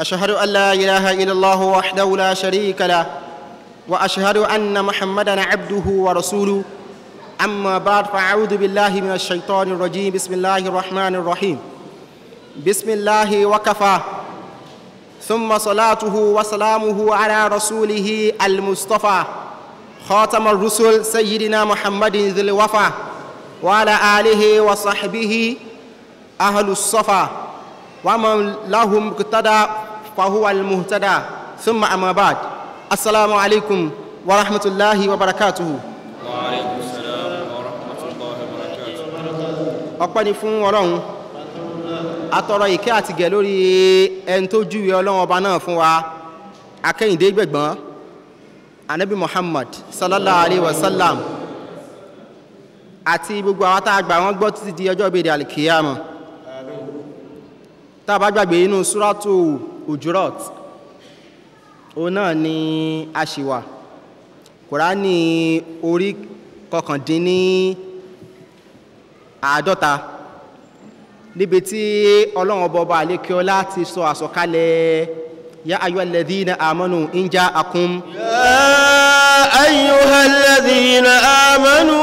أشهد أن لا إله إلا الله وحده لا شريك له وأشهد أن محمدا عبده ورسوله أما بعد فأعوذ بالله من الشيطان الرجيم بسم الله الرحمن الرحيم بسم الله وكفى ثم صلاته وسلامه على رسوله المصطفى خاتم الرسل سيدنا محمد ذي الوفا وعلى آله وصحبه أهل الصفا ومن لهم اقتدى فهو المهتدى ثم أما بعد السلام عليكم ورحمة الله وبركاته وعليكم السلام ورحمة الله وبركاته ọpẹ́ ni fún ọlọ́run atọrọ ìkẹ́ àtìgẹ̀ lórí ẹni tó júwe ọlọ́run ọba náà fún wa akẹ́yìndé gbẹ̀gbọ́n anabi muhammad sallallahu alayhi àti gbogbo àwọn tá a gbọ́ títí di ọjọ́ ìbéèrè alikiyama. Ta a bá gbàgbé inú súrátù Hujurat òun náà ni a ṣì wà kùránì orí kọkàndínní àádọ́ta níbi tí ọlọ́run ọba ọba àlékiọlá ti sọ àsọkalẹ̀ yá ayọ́ alladhina amanu in ja'akum. yá ayọ́ alladhina amanu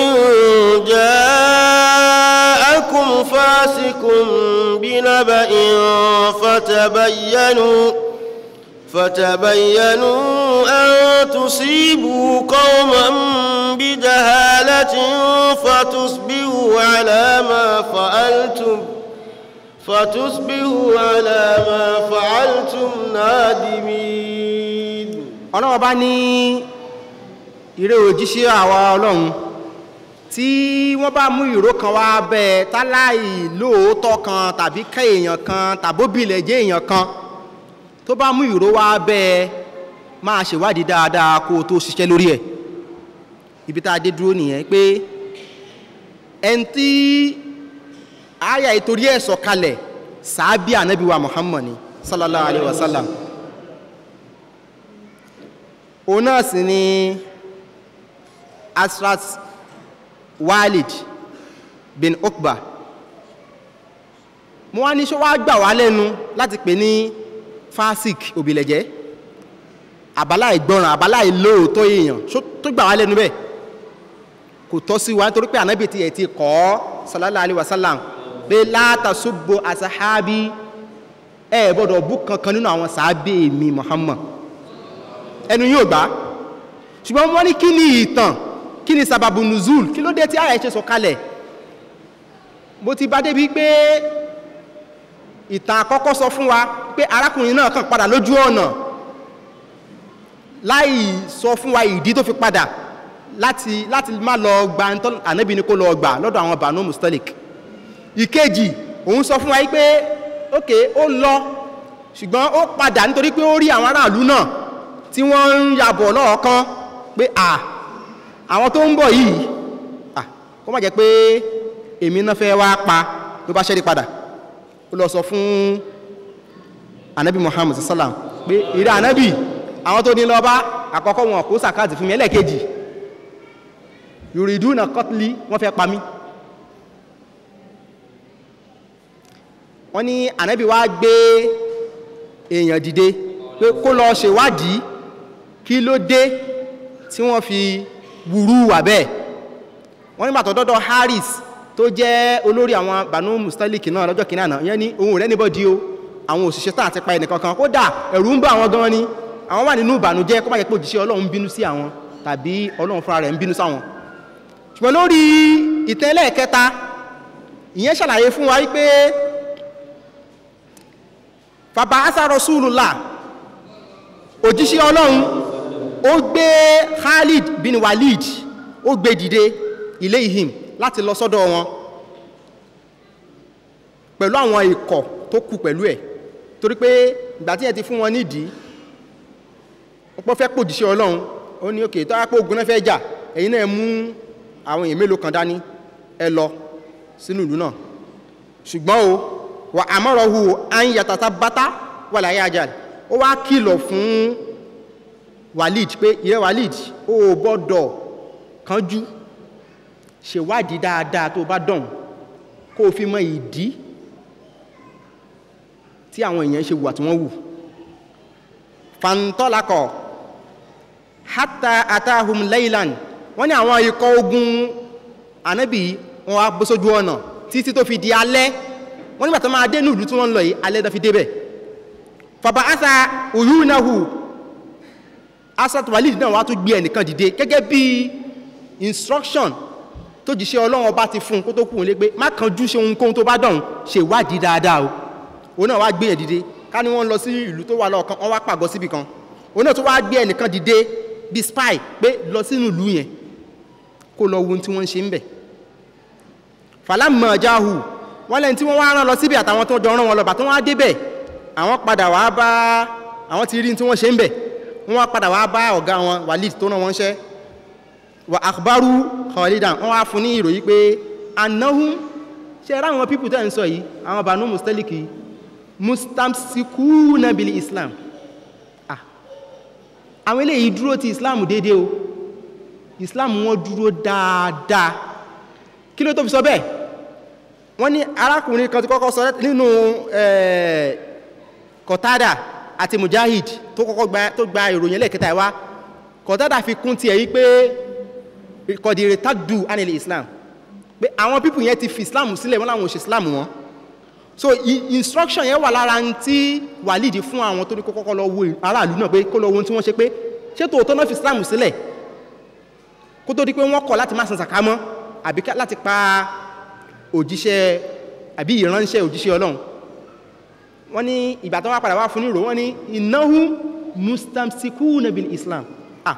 in ja'akum. فاسق بنبأ فتبينوا فتبينوا أن تصيبوا قوما بجهالة فتصبحوا على ما فعلتم فتصبحوا على ما فعلتم نادمين. أنا bá ní ire òjíṣẹ́ tí wọ́n bá mú ìró kan wá bẹ́ẹ̀ táláì lóòótọ́ kan tàbí ká èèyàn kan tàbóbìlẹ̀ jẹ́ èèyàn kan tó bá mú ìró wá bẹ́ẹ̀ máa ṣèwádìí dáadáa kó o tó ṣiṣẹ́ lórí ẹ̀ ibi tá a dé dúró nìyẹn pé ẹni tí àyà ìtorí ẹ̀ sọ̀kalẹ̀ sàábì ànábì wa Muhammad ni sallallahu alayhi wa sallam òun náà sì ni asrat Walid bin Okba mo wá ní ṣé wàá gbà wá lẹ́nu láti pè ní fásik òbílẹ̀jẹ́ àbálá ìgbọràn àbálá ìlóòótọ́ èèyàn tó gbà wá lẹ́nu bẹ́ẹ̀ kò tọ́ sí wa nítorí pé ànábì tiẹ̀ ti kọ́ ọ́ sallallahu alayhi wa sallam pé látàṣubbo asahabi ẹ gbọ́dọ̀ bú kankan nínú àwọn sàábì mi Muhammad ẹnu yóò gbà ṣùgbọ́n wọ́n ní kí ni ìtàn kí ni sábàbù nùzúl kí ló dé tí àyà ṣe sọ̀kalẹ̀ mo ti bá débi pé ìtàn àkọ́kọ́ sọ fún wa pé arákùnrin náà kàn padà lójú ọ̀nà láì sọ fún wa ìdí tó fi padà láti láti má lọ gba ànábì ni kó lọ gbà lọ́dọ̀ àwọn bànú mustalik ìkejì òun sọ fún wa pé ok ó lọ ṣùgbọ́n ó padà nítorí pé ó rí àwọn aráàlú náà tí wọ́n ń yàbọ̀ lọ́ọ̀kan pé à ah, àwọn tó ń bọ̀ yìí kó má jẹ́ pé èmi náà fẹ́ wá pa ló bá ṣẹ́rí padà ó lọ sọ fún anabi muhammad sallam pé ìrẹ́ anabi àwọn tó ní lọ bá àkọ́kọ́ wọn kó sàkáàtì fún mi ẹlẹ́ẹ̀kejì na qatli wọ́n fẹ́ pa mí wọ́n ní anabi wá gbé èèyàn dìde pé kó lọ ṣèwádìí kí ló dé tí wọ́n fi wùrú wà bẹ́ẹ̀ wọ́n nígbà tó dọ́dọ̀ Harris. tó jẹ́ olórí àwọn Banu Mustalik náà lọ́jọ́ kìíní àná ìyẹn ní òun rẹ̀ níbọ̀ di o àwọn òṣìṣẹ́ tá àti pa ẹnìkan kan kódà ẹ̀rù ń bá àwọn gan ni àwọn wà nínú ìbànújẹ́ kó má jẹ́ pé òjíṣẹ́ Ọlọ́run bínú sí àwọn tàbí Ọlọ́run fúnra rẹ̀ ń bínú sáwọn ṣùgbọ́n lórí ìtẹ́lẹ̀ kẹta ìyẹn ṣàlàyé fún wa wípé bàbá asáró súlùlà òjíṣẹ́ Ọlọ́run ó gbé Khalid bin Walid ó gbé dìde ilé ihim láti lọ sọ́dọ̀ wọn pẹ̀lú àwọn ikọ̀ tó kù pẹ̀lú ẹ̀ torí pé ìgbà tí ẹ ti fún wọn nídìí ọpọ́ fẹ́ pòdìṣẹ́ ọlọ́run ó ní òkè tó rápò ogun náà fẹ́ jà ẹ̀yin náà mú àwọn èèyàn mélòó kan dání ẹ lọ sínú ìlú náà ṣùgbọ́n o wà àmọ́rọ̀ hù à bátá wà láyé ajá ó wá kìlọ̀ fún walid pé ìrẹ́ walid ó gbọ́dọ̀ kánjú ṣèwádìí dáadáa tó bá dọ̀hún kó o fi mọ ìdí tí àwọn èèyàn ṣe wù àti wọ́n wù fàǹtọ́lákọ̀ hátà àtàhùn leyland wọ́n ní àwọn ikọ̀ ogun ànábì wọn wá bó sójú ọ̀nà títí tó fi di alẹ́ wọ́n nígbà tó máa dé ní ìlú tí wọ́n ń lọ yìí alẹ́ tó fi débẹ̀ fàbà àṣà òyúnahù asat walid náà wá tún gbé ẹnìkan dìde gẹ́gẹ́ bí instruction tó jíṣẹ́ ọlọ́run ọba ti fún un kó tó kù nílé pé má kánjú ṣe ohunkóhun tó bá dọ̀hún ṣe ìwádìí dáadáa o òun náà wá gbé yẹn dìde ká ní wọ́n lọ sí ìlú tó wà lọ́ọ̀kan wọ́n wá pàgọ́ síbi kan òun náà tó wá gbé ẹnìkan dìde bí spy pé lọ sínú ìlú yẹn kó lọ wo ohun tí wọ́n ń ṣe ń bẹ̀ falamma jahu wọ́n lẹ́yìn tí wọ́n wá rán lọ síbi àtàwọn tó jọ rán wọn lọ bàtà wọ́n á débẹ̀ àwọn padà wàá bá àwọn ti rí tí wọ́n ṣe ń bẹ̀ wọ́n wá padà wá bá ọ̀gá wọn walid tó rán wọn ṣẹ́ wà àkbárú khalidan wọ́n wá fún ní ìròyìn pé anahun ṣe ra àwọn pípù tẹ́ ń sọ yìí àwọn bànú mustaliki mustamsikuna bil islam ah, àwọn eléyìí dúró ti islam déédéé o islam wọn dúró dáadáa kí ló tó fi sọ bẹ́ẹ̀ wọ́n ní arákùnrin kan ti kọ́kọ́ sọ nínú kọ̀tádà eh, àti mujahid tó kọ́kọ́ gba tó gba ìròyìn lẹ́ẹ̀kẹta ẹ̀ wá kọ̀tàdà fi kún tiẹ̀ yí pé kọ̀dìrì tàdù ánìlẹ̀ islam pé àwọn pípù yẹn ti fi islam sílẹ̀ wọn làwọn ò wọn so instruction yẹn wà lára ń tí wàlídì fún àwọn tó ní kọ́kọ́ lọ wo aráàlú náà pé kó lọ ohun tí wọ́n ṣe pé ṣé tòótọ́ náà fi islam sílẹ̀ kó tó di pé wọ́n kọ̀ láti má san sàkámọ́ àbí láti pa òjíṣẹ́ àbí ìránṣẹ́ òjíṣẹ́ ọlọ́run wọ́n ní ìgbà tó wá padà wá fún ní ìró wọ́n ní ìnáhù mustamsikuna bil islam ah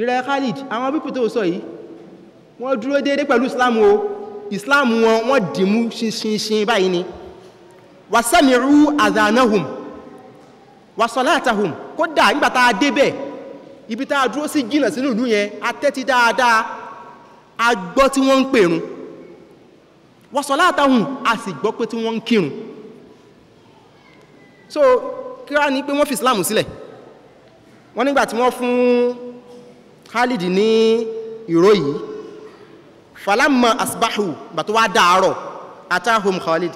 ìrẹ́ khalid àwọn pípù tó sọ yìí wọ́n dúró déédé pẹ̀lú islam o islam wọn wọ́n dìmú ṣinṣinṣin báyìí ni wasamiru azanahum wasolatahum kódà nígbà tá a débẹ̀ ibi tá a dúró sí jìnnà sínú ìlú yẹn a dáadáa a gbọ́ tí wọ́n ń pèrun wasolatahum a sì gbọ́ pé tí wọ́n ń kírun so kí wá ní pé wọ́n fi islam sílẹ̀ wọ́n nígbà wọ́n fún Khalid ní ìró falamma asbahu gbà tó wá dáàárọ̀ atahum Khalid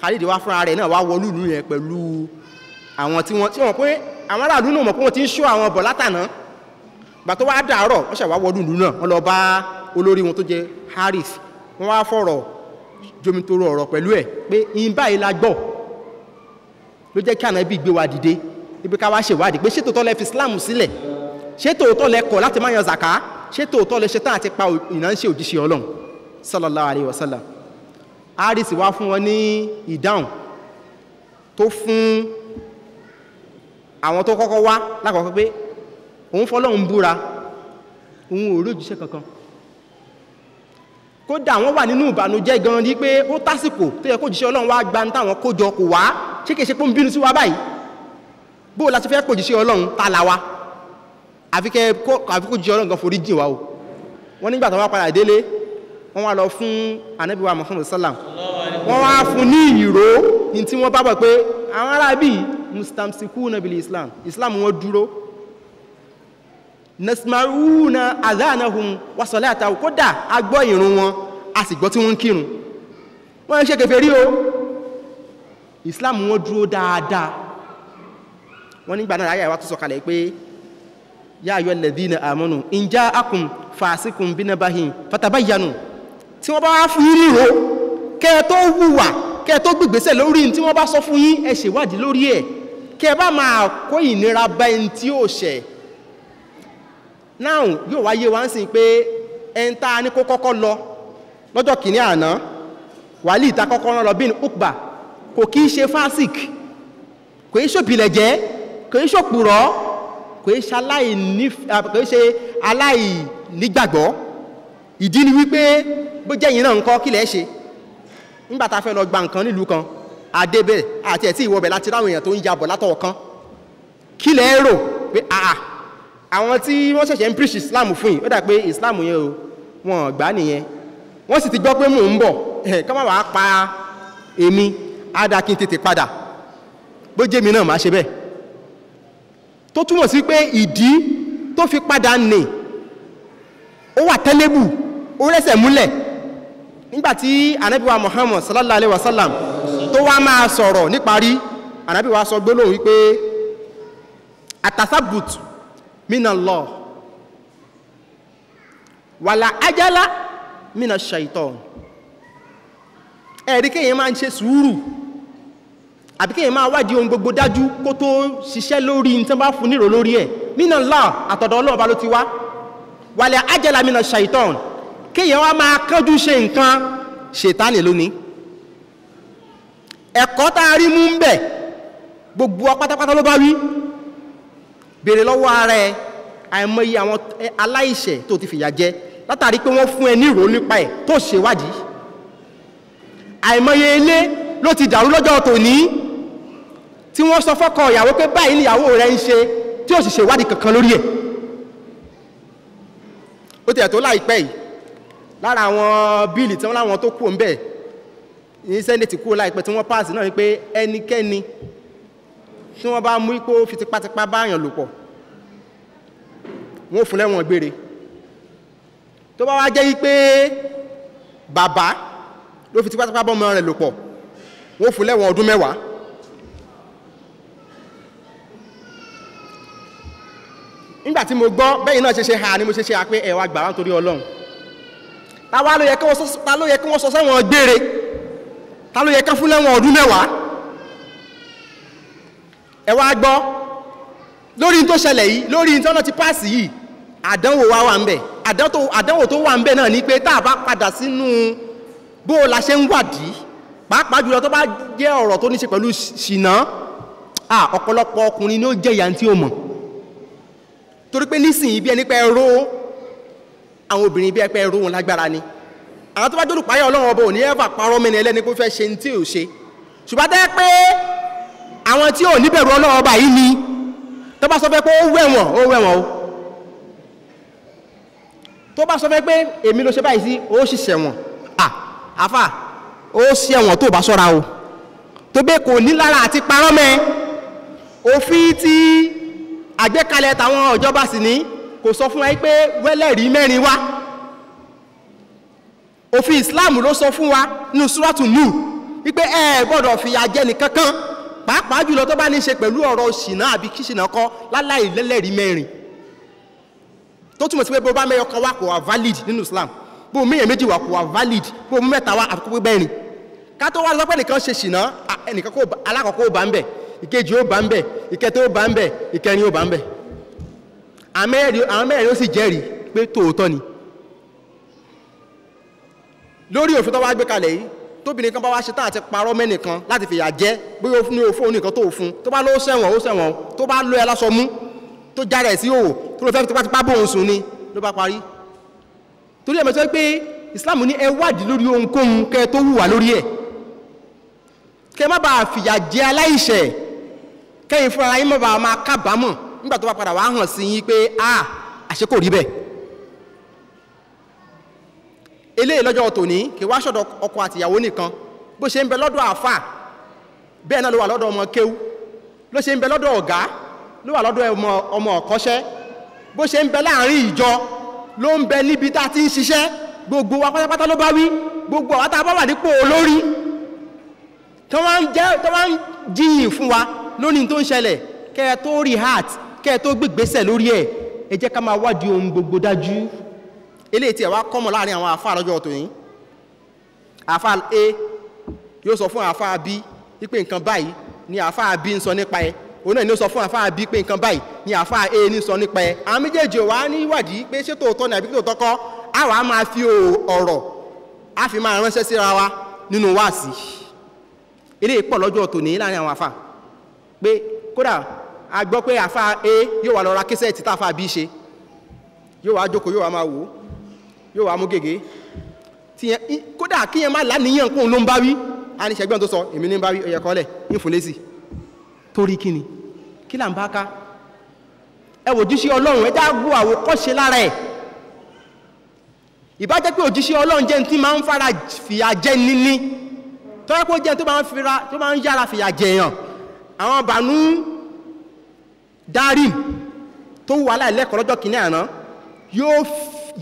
Khalid wá fúnra rẹ̀ náà wá wọlú ìlú yẹn pẹ̀lú àwọn tí wọ́n tí wọ́n pé àwọn aráàlú náà mọ̀ pé wọ́n ti ń ṣó àwọn bọ̀ látànà gbà tó wá ló jẹ́ kí ànábì gbé wa dìde ibi ká wá ṣèwádìí pé ṣé tòótọ́ lẹ fi Islam sílẹ̀ ṣé tòótọ́ lẹ kọ̀ láti máa yan zaka ṣé tòótọ́ lẹ ṣe tán àti pa ìránṣẹ́ òjíṣẹ́ Ọlọ́run sallallahu alayhi wa sallam aris wá fún wọn ní ìdáhùn tó fún àwọn tó kọ́kọ́ wá lákọ̀ọ́kọ́ pé òun fọlọ́run búra òun ò rí òjíṣẹ́ kankan kódà wọ́n wà nínú ìbànújẹ́ gan ni pé ó tásìkò tó yẹ kó jíṣẹ́ ọlọ́run wá gba ní táwọn kójọ kò wá ṣé kìí ṣe pé ń bínú sí wa báyìí bó o la ṣe fẹ́ kó jíṣẹ́ ọlọ́run ta la wa àfi kẹ́ àfi kó jíṣẹ́ ọlọ́run gan forí jìn wa o wọ́n nígbà tó wá padà délé wọ́n wá lọ fún Ànábì wa Muhammad sallam wọ́n wá fún ní ìró ní tí wọ́n bá bọ̀ pé àwọn arábì mustamsikuna bil Islam Islam wọn dúró nasmaruna adhanahum wa salatahu kódà a gbọ́ ìrun wọn a sì gbọ́ tí wọ́n ń kírun wọ́n ń ṣe kèfèrí o islam wọn dúró dáadáa wọ́n nígbà náà ayé àwa tó sọ̀kalẹ̀ pé yá ayọ́ lẹ́dínà àmọ́nù ìjà akùn fàásìkùn bínábàhìn fatabayanu tí wọ́n bá wá fún yín ríro kẹ́ ẹ tó hùwà kẹ́ ẹ tó gbègbèsẹ̀ lórí tí wọ́n bá sọ fún yín ẹ ṣèwádìí lórí ẹ̀ kẹ́ ẹ bá máa kó ìnira bá ẹni tí ó now yóò wáyé wá ń sìn pé ẹni tá a ní kó kọ́kọ́ lọ lọ́jọ́ kìíní àná wàlí ìta kọ́kọ́ rán lọ bíi ukba kò kí í ṣe fásik kò í ṣòpìlẹ̀ jẹ́ kò í ṣòpùrọ́ kò í ṣe aláìnígbàgbọ́ ìdí ni wípé bó jẹ́ yìí náà ń kọ́ kí lẹ́ ṣe nígbà tá a fẹ́ lọ gba nǹkan nílùú kan àdébẹ̀ àti ẹ̀tí ìwọ̀bẹ̀ láti ráwọn èèyàn tó ń yabọ̀ látọ̀ kan kí lẹ́ rò pé àà àwọn tí wọ́n ṣẹ̀ṣẹ̀ ń preach islam fún yìí dà pé islam yẹn o wọn gbà nìyẹn wọ́n sì ti gbọ́ pé mò ń bọ̀ kọ́ má wàá pa èmi adakin tètè padà bó jẹ́ mi náà má ṣe bẹ́ẹ̀ tó túmọ̀ sí pé ìdí tó fi padà nì ó wà tẹ́lẹ́bù ó rẹ́sẹ̀ múlẹ̀ nígbàtí anábíwá Muhammad sallallahu alaihi wasallam tó wá máa sọ̀rọ̀ níparí anábíwá sọ gbólóhùn wípé atasabutu minallah wàlà ajala mina shaitan ẹ̀rí kéèyàn máa ń ṣe sùúrù àbí kéèyàn máa wádìí ohun gbogbo dájú kó tó ṣiṣẹ́ lórí ní tí wọ́n bá fún nírò lórí ẹ̀ minallah àtọ̀dọ̀ ọlọ́ọ̀bá ló ti wá wàlà ajala mina shaitan kéèyàn wá máa kánjú ṣe nǹkan ṣètánì lónìí ẹ̀kọ́ tá a rí mú ń bẹ̀ gbogbo apátápátá ló bá wí béèrè lọ́wọ́ ara ẹ àìmọye àwọn aláìṣẹ̀ tó ti fìyà jẹ látàrí pé wọ́n fún ẹ ní ìrò nípa ẹ̀ tó ṣèwádìí àìmọye ilé ló ti dàrú lọ́jọ́ tòní tí wọ́n sọ fọ́kọ ìyàwó pé báyìí ni ìyàwó rẹ̀ ń ṣe tí ò sì ṣèwádìí kankan lórí ẹ̀ ó tẹ̀ tó láìpẹ́ yìí lára àwọn bíìlì tí wọ́n láwọn tó kú ń bẹ̀ ní sẹ́ńdẹ̀tì kú láìpẹ́ tí wọ́n páàsì náà ni pé ẹnikẹ́ni tí wọ́n bá mú ipò fi tipátipá báyàn lò pọ̀ wọ́n fún lẹ́wọ̀n gbére tó bá wá jẹ́ wípé bàbá ló fi tipátipá bọ́mọ rẹ̀ lò pọ̀ wọ́n fún lẹ́wọ̀n ọdún mẹ́wàá nígbà tí mo gbọ́ bẹ́yìn náà ṣe ṣe ha ni mo ṣe ṣe àpé ẹ̀wà gbà wá nítorí ọlọ́run ta ló yẹ kí wọ́n sọ sẹ́wọ̀n gbére ta ló yẹ kí wọ́n fún lẹ́wọ̀n ọdún mẹ́wàá ẹ wá gbọ́ lórí tó ṣẹlẹ̀ yìí lórí tí wọ́n ti páàsì yìí àdánwò wa wà ń bẹ̀ àdánwò tó wà ń bẹ̀ náà ni pé tá a bá padà sínú bó o la ṣe ń wádìí pàápàá jùlọ tó bá jẹ́ ọ̀rọ̀ tó ní ṣe pẹ̀lú ṣìnà ọ̀pọ̀lọpọ̀ ọkùnrin ni ó jẹ́ ìyá tí ó mọ̀ torí pé nísìnyí bí ẹni pé ẹró àwọn obìnrin bí ẹpẹ ẹró wọn lágbára ni àwọn tó bá jòlù páyà ọlọ́run ọba ò ní ẹ̀fà parọ́ mẹ́ni ẹlẹ́ni pé ó fẹ́ ṣe ní tí ò ṣe ṣùgbọ́n tẹ́ pé àwọn tí ò níbẹ̀rù ọlọ́wọ́ bá yìí ni tó bá sọ fẹ́ pé ó wẹ̀wọ̀n ó wẹ̀wọ̀n o tó bá sọ fẹ́ pé èmi ló ṣe báyìí sí ó sì ṣẹ̀wọ̀n àfà ó ṣẹ̀wọ̀n tó bá sọ́ra o tó bẹ́ kò ní lára àti parọ́ mẹ́ òfin tí àgbékalẹ̀ tàwọn ìjọba sì ní kò sọ fún ẹ pé wẹ́lẹ́rìí mẹ́rin wá òfin Islam ló sọ fún wa nínú súrátù nù wípé ẹ gbọ́dọ̀ fìyà jẹ nìkankan pàápàá jùlọ tó bá ní ṣe pẹ̀lú ọ̀rọ̀ ṣìnà àbí kí ṣìnà kọ́ láláì lẹ́lẹ́rìí mẹ́rin tó túmọ̀ sí pé bó bá mẹ́yọ kan wá kò wá valid nínú Islam bó mẹ́yẹ méjì wá kò wá valid bó mẹ́ta wá àfikún pé bẹ́ẹ̀rin ká tó wá lọ́pẹ́ nìkan ṣe ṣìnà ẹnìkan kó alákọ̀ọ́kọ́ ó bá ń bẹ̀ ìkejì ó bá ń bẹ̀ ìkẹta ó bá ń bẹ̀ ìkẹrin ó bá ń bẹ̀ àwọn mẹ́rin ó sì jẹ́rìí pé tòótọ́ ni lórí òfin tó wá gbé kalẹ̀ yìí tóbìnrin kan bá wá ṣe tán àti parọ́ mẹ́nìkan láti fìyà jẹ́ bóyá ó ní òfò nìkan tó fún tó bá lọ sẹ́wọ̀n ó sẹ́wọ̀n tó bá lọ ẹ lásọ mú tó já rẹ̀ sí òwò tó lọ fẹ́ tipátipá bóun sùn ni ló bá parí torí ẹ̀mọ́ sọ pé Islam ní ẹ wádìí lórí ohunkóhun kẹ tó hùwà lórí ẹ̀ kẹ má bàa fìyà jẹ aláìṣẹ̀ kẹyìn fúnra yín má bàa máa kábàámọ̀ nígbà tó bá padà wá hàn sí yín pé a ah, àṣẹ kò rí bẹ́ẹ̀ eléyìí lọ́jọ́ tòní kì wá sọ́dọ̀ ọkọ àtìyàwó nìkan bó ṣe ń bẹ lọ́dọ̀ àfà bẹ́ẹ̀ náà ló wà lọ́dọ̀ ọmọ kéwú ló ṣe ń bẹ lọ́dọ̀ ọ̀gá ló wà lọ́dọ̀ ọmọ ọ̀kọ́ṣẹ́ bó ṣe ń bẹ láàrin ìjọ ló ń bẹ níbi tá a ti ń ṣiṣẹ́ gbogbo wa pátápátá ló bá wí gbogbo àwọn tá a bá wà nípò olórí tó wá ń jiyìn fún wa lónìí tó ń ṣẹlẹ̀ kẹ́ tó rí heart kẹ́ tó gbégbésẹ̀ lórí ẹ̀ ẹ jẹ́ ká máa wádìí ohun gbogbo dájú eléyìí tí ẹ̀ wá kọ́mọ̀ láàrin àwọn àfa lọ́jọ́ tòyìn àfa a yóò sọ fún àfa b wípé nǹkan báyìí ni àfa b ń sọ nípa ẹ òun náà ni ó sọ fún àfa b pé nǹkan báyìí ni àfa a ní sọ nípa ẹ àwọn méjèèjì wà á níwádìí pé ṣé tòótọ́ ni àbí tòótọ́ kọ́ á wàá máa fi ọ̀rọ̀ á fi máa ránṣẹ́ síra wa nínú wáàsí eléyìí pọ̀ lọ́jọ́ tòní láàrin àwọn àfa pé kódà a gbọ́ pé àfa a yóò wà lọ ra késẹ́ẹ̀tì táfa b ṣe yóò wá jókòó yóò wá máa wò ó yóò wá mú gègé tiẹ̀ kódà kíyẹn má lánìyàn kóun ló ń bá wí a ní sẹ́gbọ́n tó sọ èmi ní bá wí ọ̀yẹ̀ kọ́lẹ̀ ń fún lésì torí kí ni kí là ń bá ká ẹ wò jíṣẹ́ ọlọ́run ẹ dágbó àwòkọ́ṣe lára ẹ̀ ìbá jẹ́ pé òjíṣẹ́ ọlọ́run jẹ́ tí máa ń fara fìyà jẹ níní tó yẹ kó jẹ́ tó máa ń yára fìyà jẹ èèyàn àwọn bànú darim tó wà láìlẹ́kọ̀ọ́ lọ́jọ́ kìíní àná yóò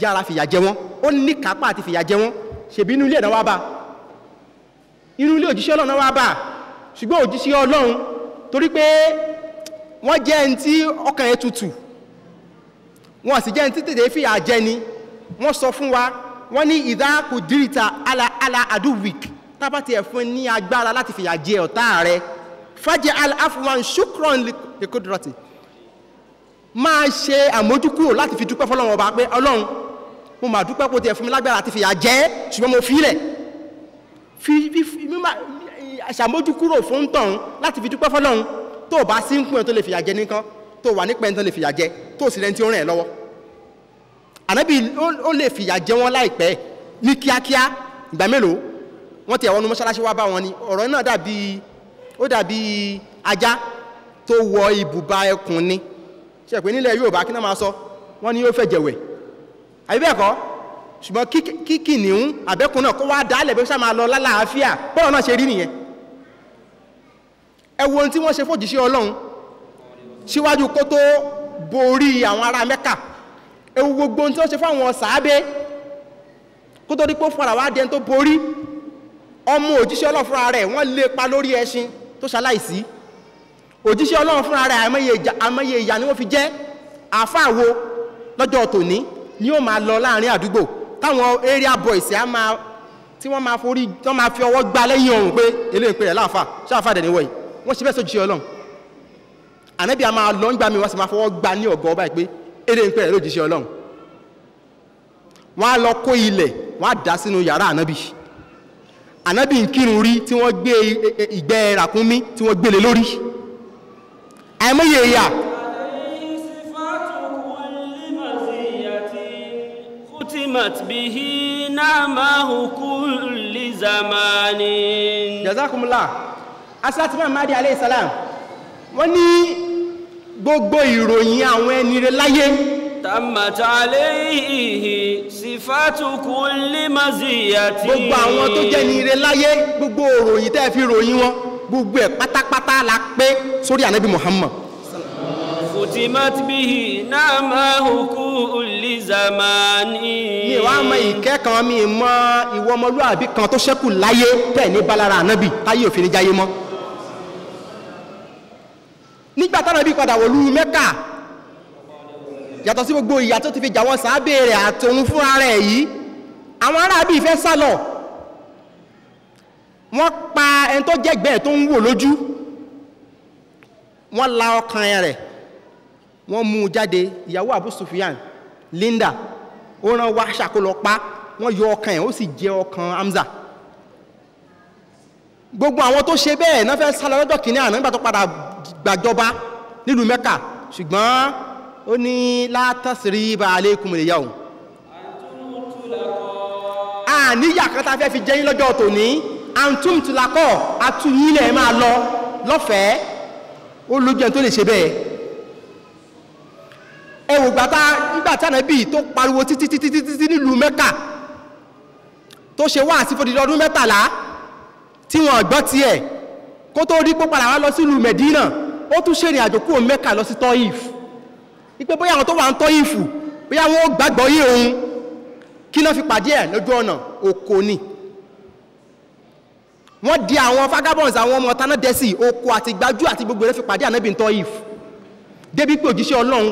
yára fìyà jẹ wọ́n ó ní kápá àti fìyà jẹ wọ́n ṣèbí inú ilé ẹ̀ náà wá bá inú ilé òjíṣẹ́ ọlọ́run náà wá bá ṣùgbọ́n òjíṣẹ́ ọlọ́run torí pé wọ́n jẹ́ ẹni tí ọkàn ẹ̀ tutù wọ́n sì jẹ́ ẹni tí tètè fìyà jẹ ni wọ́n sọ fún wa wọ́n ní ìdá kò dírìtà ala ala aduwik tábà tiẹ̀ fún ní agbára láti fìyà jẹ ọ̀tá rẹ̀ fàjẹ́ al afuwan shukran likodrati. Lik máa ṣe àmójúkúrò láti fi dúpẹ́ fọlọ́run ọba pé ọlọ́run mo máa dúpẹ́ kó tiẹ̀ fún mi lágbára àti fìyà jẹ ṣùgbọ́n mo fílẹ̀ fi ṣàmójúkúrò fún tọ̀hún láti fi dúpẹ́ fọlọ́run tó o bá sí ń pín ẹ̀ tó lè fìyà jẹ nìkan tó wà nípa ẹni tó lè fìyà jẹ tó sì rẹ́ni tí ó rìn ẹ́ lọ́wọ́ ànábì ó lè fìyà jẹ wọn láìpẹ́ ní kíákíá ìgbà mélòó wọ́n ti ẹ̀wọ́n nu mọ́ṣáláṣí wá bá wọn ni ọ̀rọ̀ náà dàbí ó dàbí ajá tó wọ ibùba ẹkùn ni ṣe pé nílẹ̀ Yorùbá kí náà máa sọ wọ́n ní yóò fẹ́ jẹ̀wẹ̀ àbí bẹ́ẹ̀ kọ́ ṣùgbọ́n kíkì nìún àbẹ́kùn náà kó wá dálẹ̀ bí sáà máa lọ lálàáfíà bọ́ọ̀ náà ṣe rí nìyẹn ẹ wo ohun tí wọ́n ṣe fòjìṣẹ́ Ọlọ́run síwájú kó tó borí àwọn ará Mẹ́kà ẹ wo gbogbo ohun tí wọ́n ṣe fáwọn sàábé kó tó dípò fúnra wá dẹni tó borí ọmọ òjíṣẹ́ Ọlọ́run fúnra rẹ̀ wọ́n lépa lórí ẹṣin tó ṣaláìsí òjíṣẹ́ ọlọ́run fúnra rẹ̀ àmọ́yé ìyà ni wọ́n fi jẹ́ àáfàá wo lọ́jọ́ tòní ni yóò máa lọ láàrin àdúgbò táwọn area boys á máa tí wọ́n máa forí tí wọ́n máa fi ọwọ́ gbá lẹ́yìn ọ̀hún pé eléyìí pé rẹ̀ láàfà ṣáàfà dẹ̀ níwọ̀nyí wọ́n ṣe bẹ́ẹ̀ sójíṣẹ́ ọlọ́run ànábì a máa lọ ń gbà mí wọ́n sì máa fọwọ́ gbá ní ọ̀gọ́ ọba pé eléyìí pé rẹ̀ lójíṣẹ́ ọlọ́run wọ́n á lọ kó ilẹ̀ wọ́n á dà sínú yàrá ànábì ànábì ń kírun rí tí wọ́n gbé e, e, ìgbẹ́ ràkúnmí tí wọ́n gbélé lórí àìmọye ìyà jazakumullah asíláti mọ́ ìmáàdì alayhi salam wọ́n ní gbogbo ìròyìn àwọn ẹni rẹ̀ láyé tàmàtà aléhìhì sífàtù kulli maziyati gbogbo àwọn tó jẹ́ ni rẹ̀ láyé gbogbo ìròyìn tẹ́ fi ròyìn wọn gbogbo ẹ̀ pátápátá la pé sórí ànábì Muhammad. futimat bihi náà máa hùkú ulí zamani. mi ò wá mọ ìkẹ́ kan mi mọ ìwọ ọmọlúwàbí kan tó ṣẹ́kù láyé bẹ́ẹ̀ ní balára ànábì táyé òfin ní jáyé mọ́. nígbà táwọn ẹbí padà wọlú Mẹ́kà yàtọ̀ sí gbogbo ìyà tó ti fi jà wọ́n sábẹ́ rẹ̀ àtòun fúnra rẹ̀ yìí àwọn aráàbí fẹ́ sálọ wọ́n ẹni tó jẹ́gbẹ́ tó ń wò lójú wọ́n la ọkàn rẹ̀ wọ́n mú un jáde ìyàwó Abu Sufyan Linda ó rán wá ṣàkólọ pa wọ́n yọ ọkàn ẹ̀ ó sì jẹ ọkàn Hamza gbogbo àwọn tó ṣe bẹ́ẹ̀ náà fẹ́ sálọ lọ́jọ́ kìíní àná nígbà tó padà gbàjọba nílùú Mẹ́kà ṣùgbọ́n ó ní látàsírí bá aleikum lè yá òun àníyà kan tá a fẹ́ fi jẹ́yìn lọ́jọ́ tòní antum tulakọ atúnyílẹ̀ máa lọ lọ́fẹ̀ẹ́ ó lójú ẹni tó lè ṣe bẹ́ẹ̀ ẹ wò gbàtà nígbàtà nàbí tó pariwo títí títí títí nílùú mẹ́kà tó ṣe wá àti fòdìdí ọdún mẹ́tàlá tí wọ́n gbọ́ tiẹ̀ kó tó rí pópa làwọn lọ sílùú mẹ̀dínà ó tún ṣe ìrìn àjò kúrò mẹ́kà lọ sí tọ́yìf ipe bóyá àwọn tó wà ń tọ́yìf bóyá wọn ó gbàgbọ́ yé òun kí náà fi pàdé ẹ̀ lójú ọ̀nà òkò ni wọ́n di àwọn vagabonds àwọn ọmọ ọ̀tá náà dẹ́sì oko àti gbájú àti gbogbo rẹ̀ fi pàdé ànábì tọ́ if débi pé òjíṣẹ́ ọlọ́run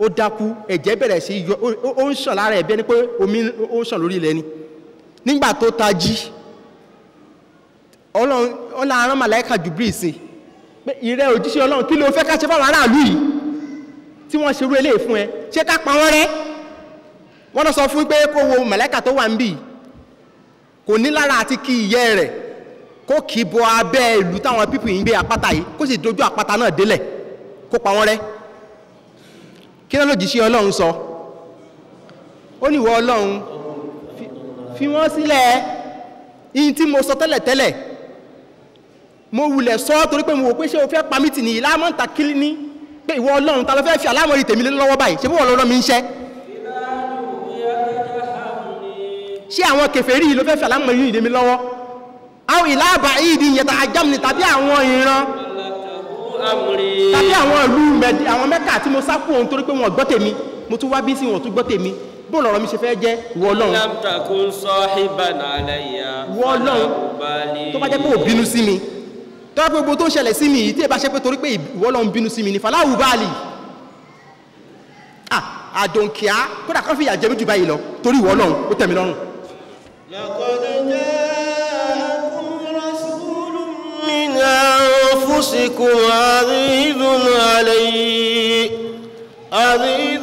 ó dákú ẹ̀jẹ̀ bẹ̀rẹ̀ sí yọ ó ń ṣàn lára ẹ̀bẹ́ ni pé omi ó ń ṣàn lórí ilẹ̀ ni nígbà tó tají ọlọ́run ọlọ́run arán màláìka Jibril sí pé ìrẹ́ òjíṣẹ́ ọlọ́run kí ló fẹ́ ká ṣe fáwọn aráàlú yìí tí wọ́n ṣerú eléyìí fún ẹ ṣé ká pa wọ́n rẹ́ wọ́n lọ sọ fún pé kó wo màláìka tó wà ń bì kò ní lára àti kí ìyẹ́ rẹ̀ kó kì í bọ abẹ́ ìlú táwọn pípù yìí ń gbé àpáta yìí kó sì dojú àpáta náà délẹ̀ kó pa wọ́n rẹ́ kí náà lòdì sí ọlọ́run sọ ó ní ìwọ ọlọ́run fi wọ́n sílẹ̀ ihun tí mo sọ tẹ́lẹ̀ tẹ́lẹ̀ mo wulẹ̀ sọ torí pé mo wò pé ṣé o fẹ́ pa mí tì ní ìlàmọ́ ń ta kílí ní pé ìwọ ọlọ́run ta ló fẹ́ fi àlámọ̀rí tèmi lọ́wọ́ báyìí ṣé bí wọ́n lọ́rọ́ mi ń ṣẹ́ ṣé àwọn kèfèrí yìí ló fẹ́ fi àlámọ̀rí tèmi lọ́wọ́ aw ìlà bàídì yẹta ajámni tàbí àwọn ìran tàbí àwọn ìlú àwọn mẹ́kà tí mo sá kú òun torí pé wọ́n gbọ́ tèmi mo tún wá bí sí wọ́n tún gbọ́ tèmi bó lọ́rọ̀ mi ṣe fẹ́ jẹ́ wọ ọlọ́run wọ ọlọ́run tó bá jẹ́ pé ò bínú sí mi tọ́wọ́ pé gbogbo tó ń ṣẹlẹ̀ sí mi yìí tí ẹ bá ṣe pé torí pé ìwọ ọlọ́run bínú sí mi ní fàlàwù báàlì àdòǹkìá kódà kan fi ìyà jẹ mí jù báyìí lọ torí ìwọ ọlọ́run ó tẹ́ mi أنفسكم عزيز عليه عزيز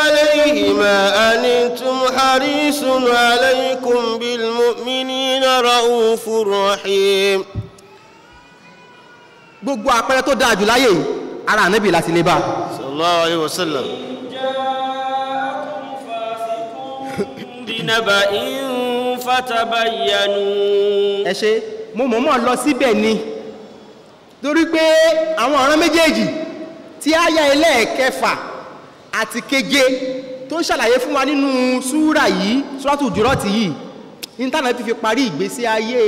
عليه ما أنتم حريص عليكم بالمؤمنين رؤوف رحيم gbogbo àpẹẹrẹ tó dáa jù láyé ara ànábì láti lè bá. sallallahu alayhi wa ẹ ṣe mo mọ̀ọ́mọ̀ lọ síbẹ̀ ni torí pé àwọn ọ̀ràn méjèèjì tí àyà ẹlẹ́ẹ̀kẹfà àti keje tó ń ṣàlàyé fún wa nínú súrà yìí súràtù jùrọ̀tì yìí nítànà tó fi parí ìgbésí ayé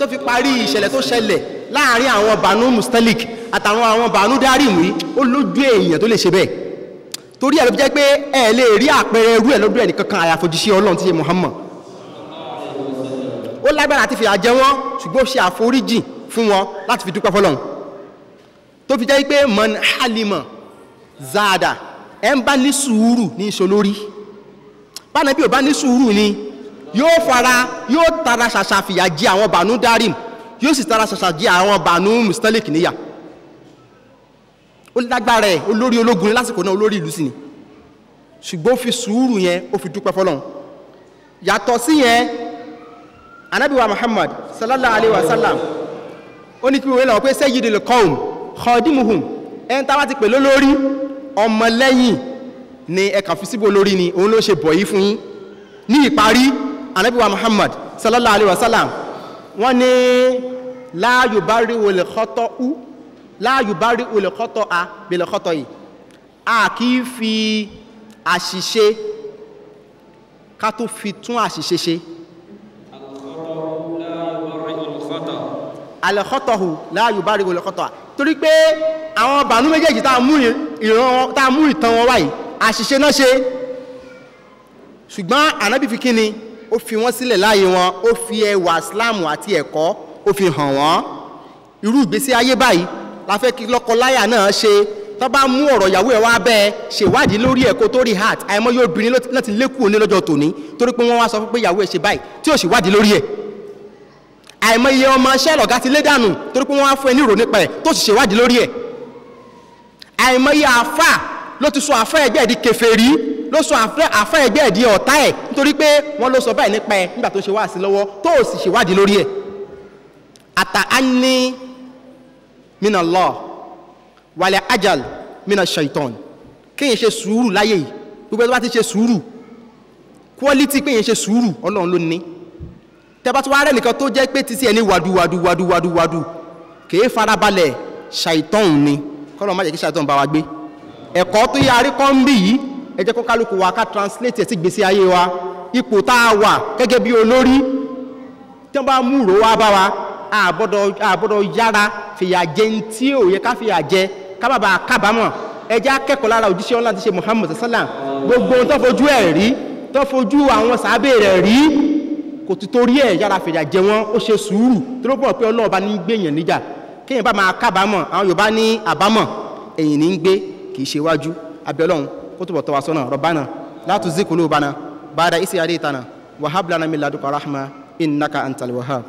tó fi parí ìṣẹ̀lẹ̀ tó ṣẹlẹ̀ láàrin àwọn bànú mustalik àtàwọn àwọn bànú dárìmí ó lójú èèyàn tó lè ṣe bẹ́ẹ̀ torí ẹ̀ ló jẹ́ pé ẹ lè rí àpẹẹrẹ irú ẹ̀ lọ́dún ẹnì kankan àyàfojúṣe ọlọ́run tí ṣe Muhammad ó lágbára àti fìyà jẹ wọ́n ṣùgbọ́n ó ṣe àforíjìn fún wọn láti fi dúpẹ́ fọ́lọ́run tó fi jẹ́ pé man halima zaada ẹ ń bá ní sùúrù ní ìṣolórí bána bí ò bá ní sùúrù ni yóò fara yóò tara ṣàṣà fìyà jẹ àwọn bànú darim yóò sì tara ṣàṣà jẹ àwọn bànú mustalik níyà ó lágbára ẹ olórí ológun ní lásìkò náà olórí ìlú sì ni ṣùgbọ́n ó fi sùúrù yẹn ó fi dúpẹ́ fọ́lọ́run yàtọ̀ sí yẹn anabiwa muhammad sallallahu alaihi wa sallam ó ní kí wọ́n lọ pé sẹ́yìdì lè kọ́ òun kọ́ọ̀dìmùhùn ẹni tá a bá ti pè lólórí ọmọlẹ́yìn ni ẹ kàn fi síbò lórí ni òun ló ṣe bọ̀ yìí fún yín ní ìparí anabiwa muhammad sallallahu alayhi wa sallam wọ́n ní láàyò bá rí olè kọ́tọ́ u láàyò bá rí olè kọ́tọ́ a bèlè kọ́tọ́ yìí a kì í fi àṣìṣe ká tó fi tún àṣìṣe ṣe. alẹ́kọ́tọ̀hù láàyò bá rí olùkọ́tọ̀ torí pé àwọn bàánú méjèèjì tá a mú ìtàn wọn wáyìí àṣìṣe náà ṣe ṣùgbọ́n ànábì fi kíni ó fi wọ́n sílẹ̀ láàyè wọn ó fi ẹwà síláàmù àti ẹ̀kọ́ ó fi hàn wọ́n irú ìgbésí ayé báyìí la fẹ́ kí lọ́kọláyà náà ṣe tó bá mú ọ̀rọ̀ ìyàwó ẹ̀ wá bẹ́ẹ̀ ṣèwádìí lórí ẹ̀kọ́ tó rí heart àìmọ́ yóò bìnrin láti lékùn onílọ́jọ́ tòní torí pé wọ́n wá sọ pé ìyàwó ẹ̀ ṣe báyìí tí ò ṣèwádìí lórí ẹ̀ àìmọye ọmọ iṣẹ́ lọ̀gá ti lé dànù torí pé wọ́n á fún ẹ ní ìrò nípa ẹ̀ tó sì ṣèwádìí lórí ẹ̀ àìmọye àfà ló ti sọ àfà ẹgbẹ́ ẹ̀ di kèfèrí ló sọ àfà ẹgbẹ́ ẹ̀ di ọ̀tá ẹ̀ nítorí pé wọ́n ló sọ báyìí nípa ẹ̀ nígbà tó ṣe wá sí lọ́wọ́ tó sì ṣèwádìí lórí ẹ̀ àtà á ní mina Allah wàlẹ̀ ajal mina shaitan kéèyàn ṣe sùúrù láyé yìí gbogbo ẹ̀ tó bá ti ṣe sùúrù quality kéèyàn ṣe sùúrù ọlọ́run ló ní tẹ́bá tí wàá rẹ̀ nìkan tó jẹ́ pé ti sí ẹni wàdùwàdù wàdùwàdù wàdù kèé farabalẹ̀ ṣàìtàn ni kọ́lọ́ má jẹ́ kí ṣàìtàn bá wa gbé ẹ̀kọ́ tó yá aríkọ́ ń bì yìí ẹ jẹ́ kó kálukú wa ká translate ẹ̀ sí gbèsè ayé wa ipò tá a wà gẹ́gẹ́ bí olórí tí wọ́n bá mú rò wá bá wa àbọ̀dọ̀ yára fìyà jẹ ní tí ò yẹ ká fìyà jẹ ká bàbá kábàámọ̀ ẹ jẹ́ akẹ́kọ̀ọ́ lára òjíṣẹ́ ọlọ́run ti Muhammad sallam gbogbo tó fojú ẹ̀ rí tó fojú àwọn sàábẹ̀ rẹ̀ rí kò ti torí ẹ̀ yára fìyà jẹ wọ́n ó ṣe sùúrù tó ló pọ̀ pé ọlọ́run bá ní gbèyàn níjà kéèyàn bá máa kábàámọ̀ àwọn yorùbá ní àbámọ̀ ẹ̀yìn ní ń gbé kì í ṣe wájú abẹ́ ọlọ́run kó tó bọ̀ tọ́ wa sọ́nà rọ̀bánà látú zikulu bana bada isi adé tana wàhábìlánà mi ladùkọ̀ rahma innaka antal wahab.